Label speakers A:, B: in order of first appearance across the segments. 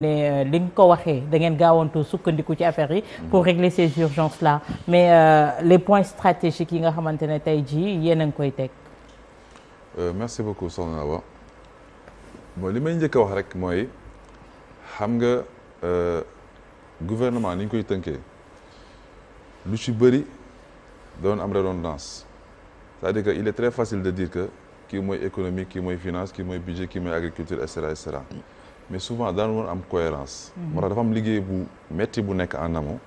A: ne euh, li nga ko waxee da ngeen gaawantu sukkandiku ci affaire yi pour régler ces urgences la mais euh, les points stratégiques yi nga xamante ne tey jii yéen a ngi koy teg euh, merci beaucoup soxna Awa bon li may njëkk a wax rek mooy xam nga gouvernement ni ñu koy tënkee lu ci bëri doon am redondance c'est-à-dire que il est très facile de dire que kii mooy économie kii mooy finance kii mooy budget kii mooy agriculture et mais souvent daan woon am cohérence mhm. moo tax dafa am liggéey bu metti bu nekk en amont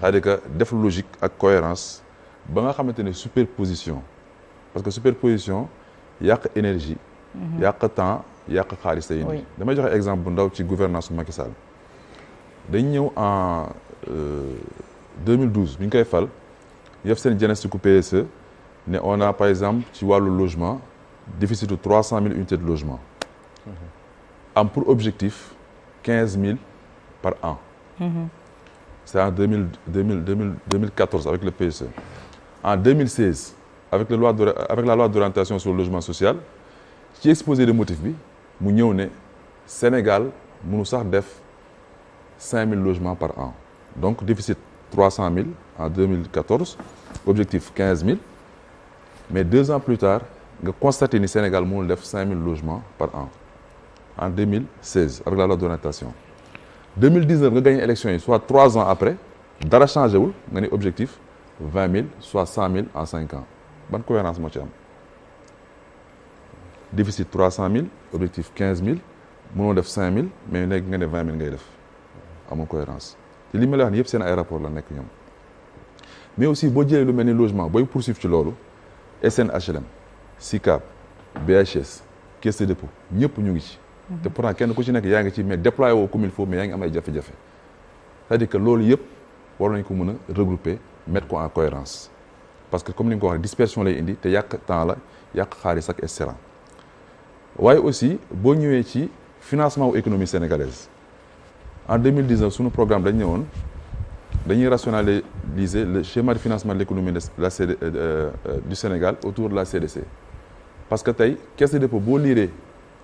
A: cest que def logique ak cohérence ba nga xamante ne superposition parce que superposition yàq énergie mhm. yàq temps yàq xaalis lay indi damay joxe exemple bu ndaw ci gouvernance bu Macky Sall dañ ñëw en 2012 euh, bi ñu koy fal ñu def seen diagnostic PSE ne on a par exemple ci wàllu logement déficit trois 300 000 unités de logement mhm. am pour objectif quinze mille par an. Mhm. c'est en deux mille deux mille deux mille quatorze avec le PSE. en deux mille seize avec la loi de avec la loi d'orientation sur le social ci exposé de motif bi mu ñëw ne Sénégal mënu sax def cinq mille logements par an donc déficit trois cent mille en deux mille quatorze objectif quinze mille mais deux ans plus tard nga constaté ni Sénégal mënul def cinq mille logements par an. en 2016 avec la loi d'orientation 2019 nga gagné élection yi soit trois ans après dara changé wul nga objectif vingt mille soit cent mille en cinq ans ban cohérence moo ci am déficit trois cent mille objectif quinze mille mënoo def cinq mille mais léegi nga ne vingt mille ngay def amul cohérence te li ma lay ni yëpp seen ay rapport la nekk ñoom mais aussi boo jëlee lu mel ni logement booy poursuivre ci loolu SNHLM SICAP BHS Caisse des dépôts ñëpp ñu ngi ci te pourtant kenn ku ci nekk yaa ngi ci mais déployé woo comme il faut mais yaa ngi am jafe-jafe dire que loolu yëpp war nañ ko mën a regrouper mettre ko en cohérence parce que comme ni nga ko waxee dispersion lay indi te yàq temps la yàq xaalis ak et cetera waaye aussi boo ñëwee ci financement wu économie sénégalaise en 2019 suñu programme dañu dañ woon dañuy rationaliser le schéma de financement de de la CD, euh, euh, du Sénégal autour de la CDC parce que tey caisse de dépôt boo liiree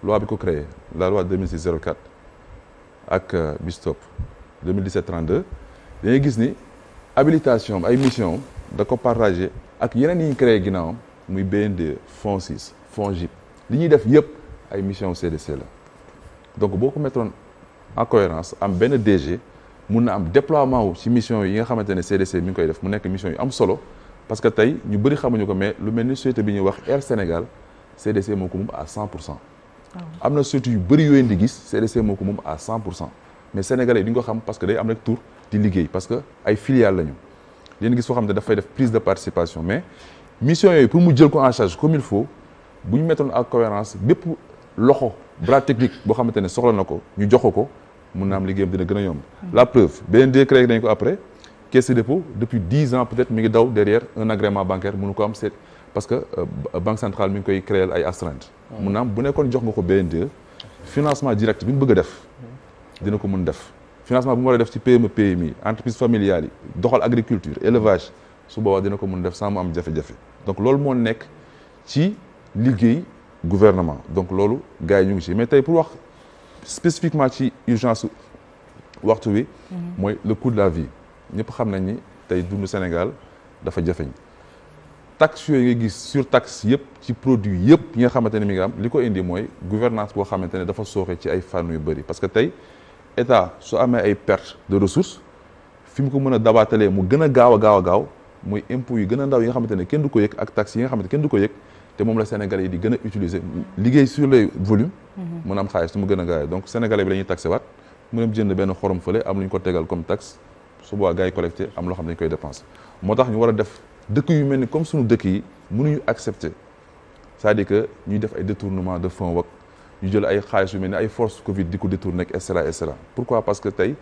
A: loi bi ko créé la loi 2006 04 ak euh, bistop 2017 32 dañuy gis ni habilitation ay mission da ko partagé ak yeneen yi ñu créer ginnaawam muy BND Fonds 6 Fonds JIP li ñuy def yëpp ay mission CDC la donc boo ko mettoon en cohérence am benn DG mun na am déploiement wu ci mission yi nga xamante ne CDC mi ngi koy def mu nekk mission yu am solo parce que tey ñu bëri xamuñu ko mais lu mel ni société bi ñu wax Air Sénégal CDC moo ko moom à 100 pour cent am na surtout yu bëri yooyu di gis CDC moo ko moom à 100 pour cent mais sénégalais yi di ko xam parce que day am rek tour di liggéey parce que ay filiales lañu leen gis foo xam ne dafay def prise de participation mais mission yooyu pour mu jël ko en charge comme il faut bu ñu mettoon ak cohérence bépp loxo bras technique boo xamante ne soxla na ko ñu jox ko mun na am liggéeyam dina gën a yomb. Hmm. la preuve beneen décret nañ ko après caisse de dépôt depuis dix ans peut-être ngi daw derrière un agrément bancaire mënu ko am c'est parce que euh, banque centrale mi ngi koy créer ay astreinte mu am bu nekkoon jox nga ko BND financement direct bi mu bëgg a def dina ko mun def financement bu mu war a def ci PME PMI entreprise familiale yi doxal agriculture élevage su boobaa dina ko mën def sans mu am jafe-jafe donc loolu moo nekk ci liggéey gouvernement donc loolu gars yi ñu ngi ci mais tey pour wax spécifiquement ci urgence waxtu wi mhm. mooy le coût de la vie ñëpp xam nañ ni tey dund Sénégal dafa jafeñ taxe yooyu nga gis surtaxe yëpp ci produit yëpp yi nga xamante ne mi ngi am li ko indi mooy gouvernance boo xamante ne dafa sooxe ci ay fànn yu bëri parce que tey état su amee ay perte de ressources fi mu ko mën a dabaatalee mu gën a gaaw a gaaw a gaaw muy impôts yu gën a ndaw yi nga xamante ne kenn du ko yëg ak taxes yi nga xamante ne kenn du ko yëg te moom la Sénégalais yi di gën a utiliser liggéey sur les volumes mën mhm. a am xaalis su mu gën a gaawee donc Sénégalais bi la ñuy taxé waat mu dem jënd benn xorom fële am ko tegal comme taxe su boobaa gars yi collecté am loo xam ne dañu koy dépensé moo tax ñu war a def dëkk yu mel ni comme suñu dëkk yi mënuñu accepter cest à di que ñuy def ay détournement de fonds wak ñu jël ay xaalis yu mel ni ay force Covid di ko détourné ak et cetera et cetera pourquoi parce que tey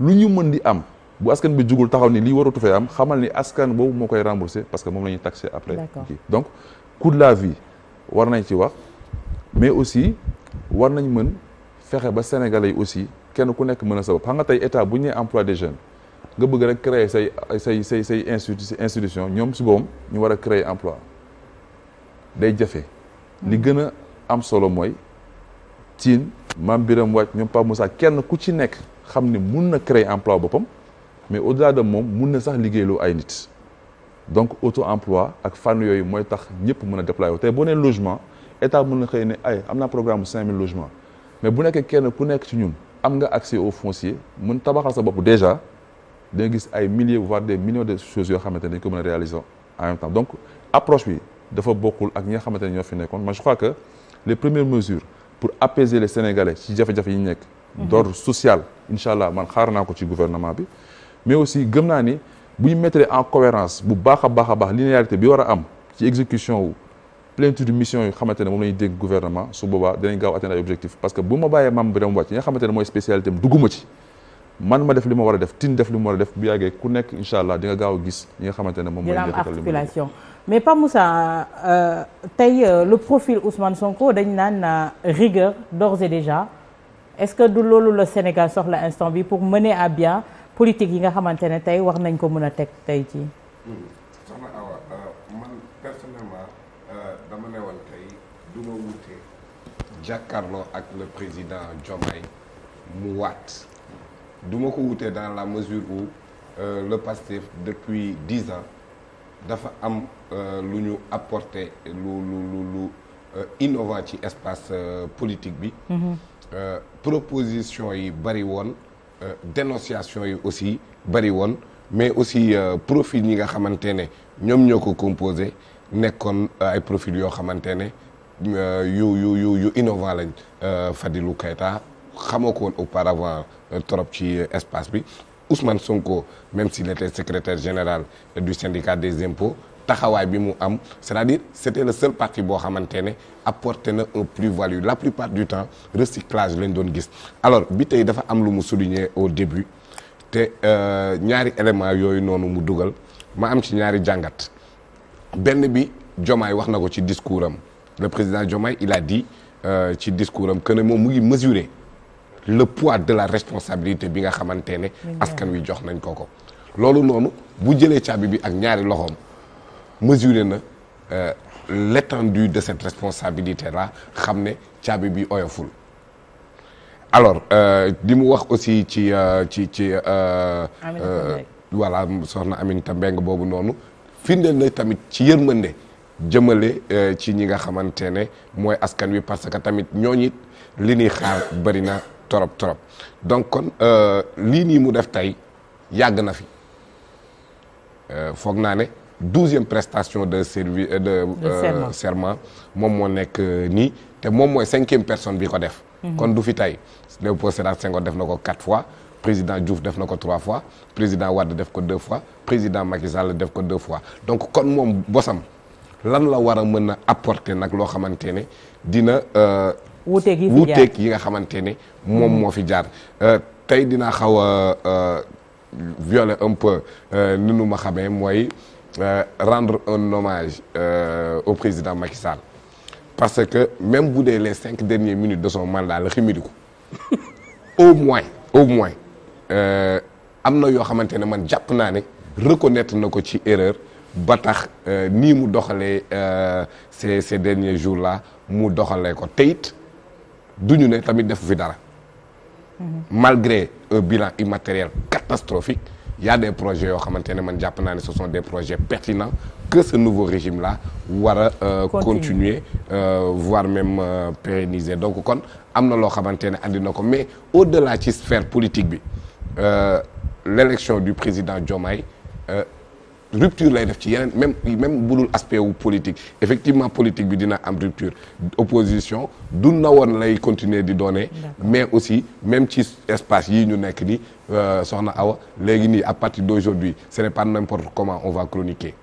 A: lu ñu mën di am bu askan bi jugul taxaw ni lii waratu fee am xamal ni askan boobu moo koy remboursé parce que moom la ñuy taxé après. donc coût de la vie war nañ ci wax mais aussi war nañ mën fexe ba sénégalais yi aussi kenn ku nekk mën a sabab xam nga tey état bu ñu nee des jeunes. nga bëgg rek créer say say say say institu institution ñoom si boobam ñu war a créer emploi day jafe li mm. gën a am solo mooy Tine Mame Birame Wathie ñoom mu Moussa kenn ku ci nekk xam ne mun na créer emploi boppam mais au-delà de moom mun na sax liggéeyloo ay nit donc auto emploi ak fànn yooyu mooy tax ñëpp mën a déployer tey boo nee logement état mun na xëy ne ay am naa programme cinq mille mais bu nekkee kenn ku nekk ci ñun am nga accès au foncier mun tabaxal sa bopp déjà da nga gis ay milliers voire des millions de choses yoo xamante ne dañ ko mën en temps donc approche bi dafa bokkul ak ñi nga xamante ne ñoo fi nekkoon ma je crois que les premières mesures pour apaiser les sénégalais ci jafe-jafe yi nekk. Mhm. d'ordre social incha allah man xaar naa ko ci gouvernement bi. mais aussi gëm naa ni bu ñu mettre en cohérence bu baax a baax a baax linéarité bi war a am ci exécution wu plénitude mission yu xamante ne moom la man ma def li ma war a def tin def li mu war a def bu yàggee ku nekk incha allah di nga gaaw a gis ñi nga xamante ne moom mooy articulation mais Pape Moussa euh, tey euh, le profil Ousmane Sonko dañ naan euh, rigueur d'ores et déjà est-ce que du loolu la Sénégal soxla instant bi pour mener à bien yi nga xamante ne tey wax nañ ko mën a teg tey ci
B: soxna Awa du ma wutee jàkkaarloo ak le président Diomaye mu waat duma ko wutee dans la mesure où euh, le PASTEF depuis dix ans dafa am euh, lu ñu apporter lu lu lu lu euh, ci espace euh, politique bi. Mhm. proposition yi bari woon dénonciation yi aussi bari woon mais aussi profit ñi nga xamante ne ñoom ñoo ko composé nekkoon ay profil yoo xamante ne. yu yu yu yu innovant lañ Fadilou Keita xamoo ko au auparavant euh, trop ci euh, espace bi Ousmane Sonko même s'il était secrétaire général du syndicat des impôts taxawaay bi mu am c'est-à-dire c'était le seul parti boo xamante ne apporté na un plus-value la plupart du temps recyclage lañ doon gis alors bi tey dafa am lu mu souligner au début te euh, ñaari élément yooyu noonu mu dugal ma am ci ñaari jàngat benn bi Diomaye wax na ko ci discours am le président Diomaye il a dit ci discours am que moom mu ng mesurer le poids de la responsabilité bi nga xamante ne askan wi jox nañ ko ko loolu noonu bu jëlee caabi bi ak ñaari loxoom mesurer na euh, l'étendue de cette responsabilité là xam ne caabi bi oyoful alors li euh, mu wax aussi ci euh, ci ci voilà soxna Aminata Mbengue boobu noonu firndeel na tamit ci yërmande jëmale ci ñi nga xamante ne mooy askan wi parce que tamit ñooñit li ñuy xaar bari na torop torop donc kon euh, lii nii mu def tey yàgg na fi euh, foog naa ne douzième prestation de servi euh, de serment moom moo nekk nii te moom mooy cinquième personne bi ko def mhm. kon du fi tey ne Sédar Senghor def na ko quatre fois président Diouf def na ko trois fois président Wade def ko deux fois président Macky def ko deux fois donc kon moom bosam lan la war a mën a apporter nag loo xamante ne dina wuuteeg yi yi nga xamante ne moom moo fi jaar euh, tey dina xaw a euh, violer un peu euh, ni ma xamee mooy rendre un hommage au président Macky Sall parce que même bu dee les cinq dernières minutes de son mandat la ximiriku au moins au moins am na yoo xamante ne man jàpp naa ne reconnaitre na ko ci erreur ba tax nii mu doxalee ces ces derniers jours là mu doxalee ko teyit du ñu ne tamit defu fi dara malgré un bilan immatériel catastrophique y des projets yoo xamante ne man jàpp naa ne ce sont des projets pertinents que ce nouveau régime la war a euh, continuer euh, voire même euh, donc kon am na loo xamante ne andi na ko mais au-delà ci sphère politique bi euh, l'élection du président Diomaye euh, rupture lay def ci yeneen même même budul aspect wu politique effectivement politique bi dina am rupture opposition du na woon lay continuer di doone mais aussi même ci espace yi ñu nekk ni euh, soxna Awa léegi nii à partir d'aujourd'hui ce n'est pas n'importe comment on va chroniquer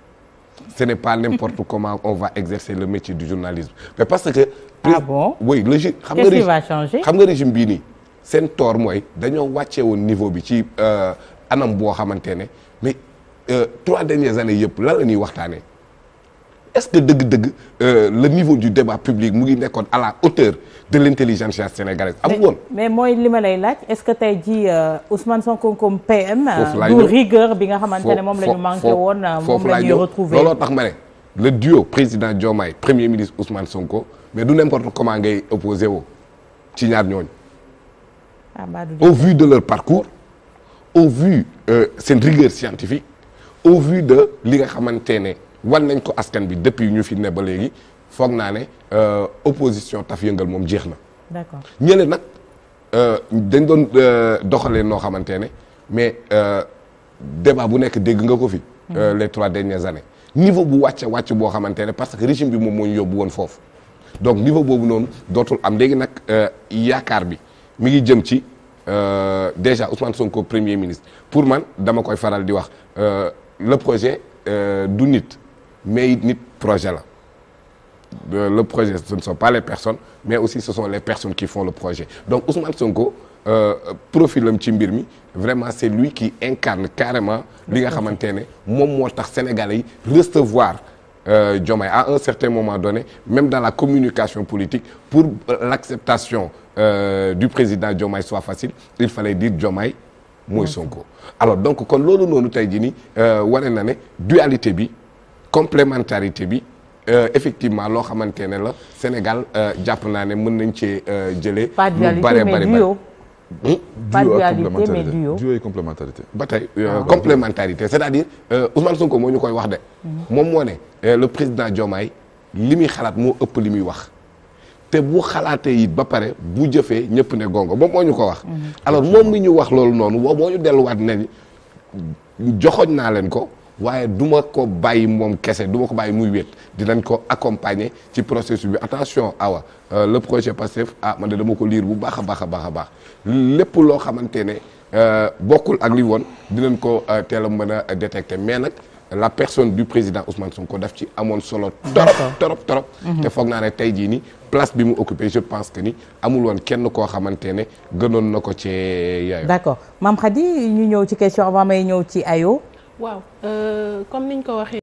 B: ce n'est pas n'importe comment on va exercer le métier du journalisme mais parce que ah bon oui le xam nga va changer xam nga régime bii nii seen toor mooy dañoo wàcce woon niveau bi ci euh, anam boo xamante ne Euh, trois dernières années yëpp lan la ñuy waxtaanee est-ce que dëgg-dëgg euh, le niveau du débat public mu ngi nekkoon à la hauteur de l'intelligence sénégalaise amul woon.
A: mais mooy li ma laaj est-ce que tey jii euh, Ousmane Sonko comme PM. du rigueur bi nga xamante ne moom la ñu manqué woon. moom la ñuy retrouver looloo tax ma
B: ne. le duo président Diomaye premier ministre Ousmane Sonko mais du n'importe comment ngay opposé wo ci ñaar ñooñu.
A: Ah, au vu de
B: leur parcours au vu seen rigueur au vu de li nga xamante ne wan nañ ko askan bi depuis ñu fi ne ba léegi foog naa ne euh, opposition taf yëngal moom jeex na. d'accord ñële nag euh, dañ doon euh, doxalee noo xamante ne mais débat bu nekk dégg nga ko fi. Mm-hmm. les trois dernières années. niveau bu wàcc wàcc boo xamante ne parce que régime bi moom moo yóbbu woon foofu donc niveau boobu noonu dootul am léegi nag yaakaar bi mu ngi jëm ci déjà Ousmane Sonko premier ministre pour man dama koy faral di wax. le projet euh, du nit mais it nit projet la euh, le projet ce ne sont pas les personnes mais aussi ce sont les personnes qui font le projet donc Ousmane Sonko euh, profilam ci mbir mi vraiment c'est lui qui incarne carrément li nga xamante ne moom moo tax Sénégalais yi recevoir euh, Diomaye à un certain moment donné même dans la communication politique pour l'acceptation euh, du président Diomaye soit facile il fallait dire Diomaye mooy Sonko alors donc kon loolu noonu tey jii nii euh, wane na ne dualité bi complémentarité bi euh, effectivement loo xamante ne la Sénégal euh, jàpp naa ne mën nañ cee jëlee. lu bare bare hmm? pas dualité mais duo duo et complémentarité. ba tey ah, complémentarité c'est-à-dire Ousmane Sonko moo ñu koy wax de. Hmm. moom moo ne le président Diomaye li muy xalaat moo ëpp li muy wax. te bu xalaatee it ba pare bu jëfee ñëpp ne gongo ba moo ñu ko wax alors moom mi ñu wax loolu noonu woo moo ñu delluwaat ne joxoñ naa leen ko waaye du ma ko bàyyi moom kese du ma ko bàyyi muy wéet dinañ ko accompagner ci processus bi attention awa euh, le projet Pastef ah man de dama ko liir bu baax a baax a baax a baax lépp loo xamante ne euh, bokkul ak li woon dinañ ko euh, teel a mën a détecter mais nag la personne du président Ousmane Sonko daf ci amoon solo. torop torop torop. Mhm. te foog naa ne tey jii nii place bi mu occupé je pense que ni amul woon kenn koo xamante ne gënoon na ko ci yaayoo.
A: d'accord maam Khady ñu ñëw ci question avant may ñëw ci ayo
B: waaw euh, comme niñ ko waxee.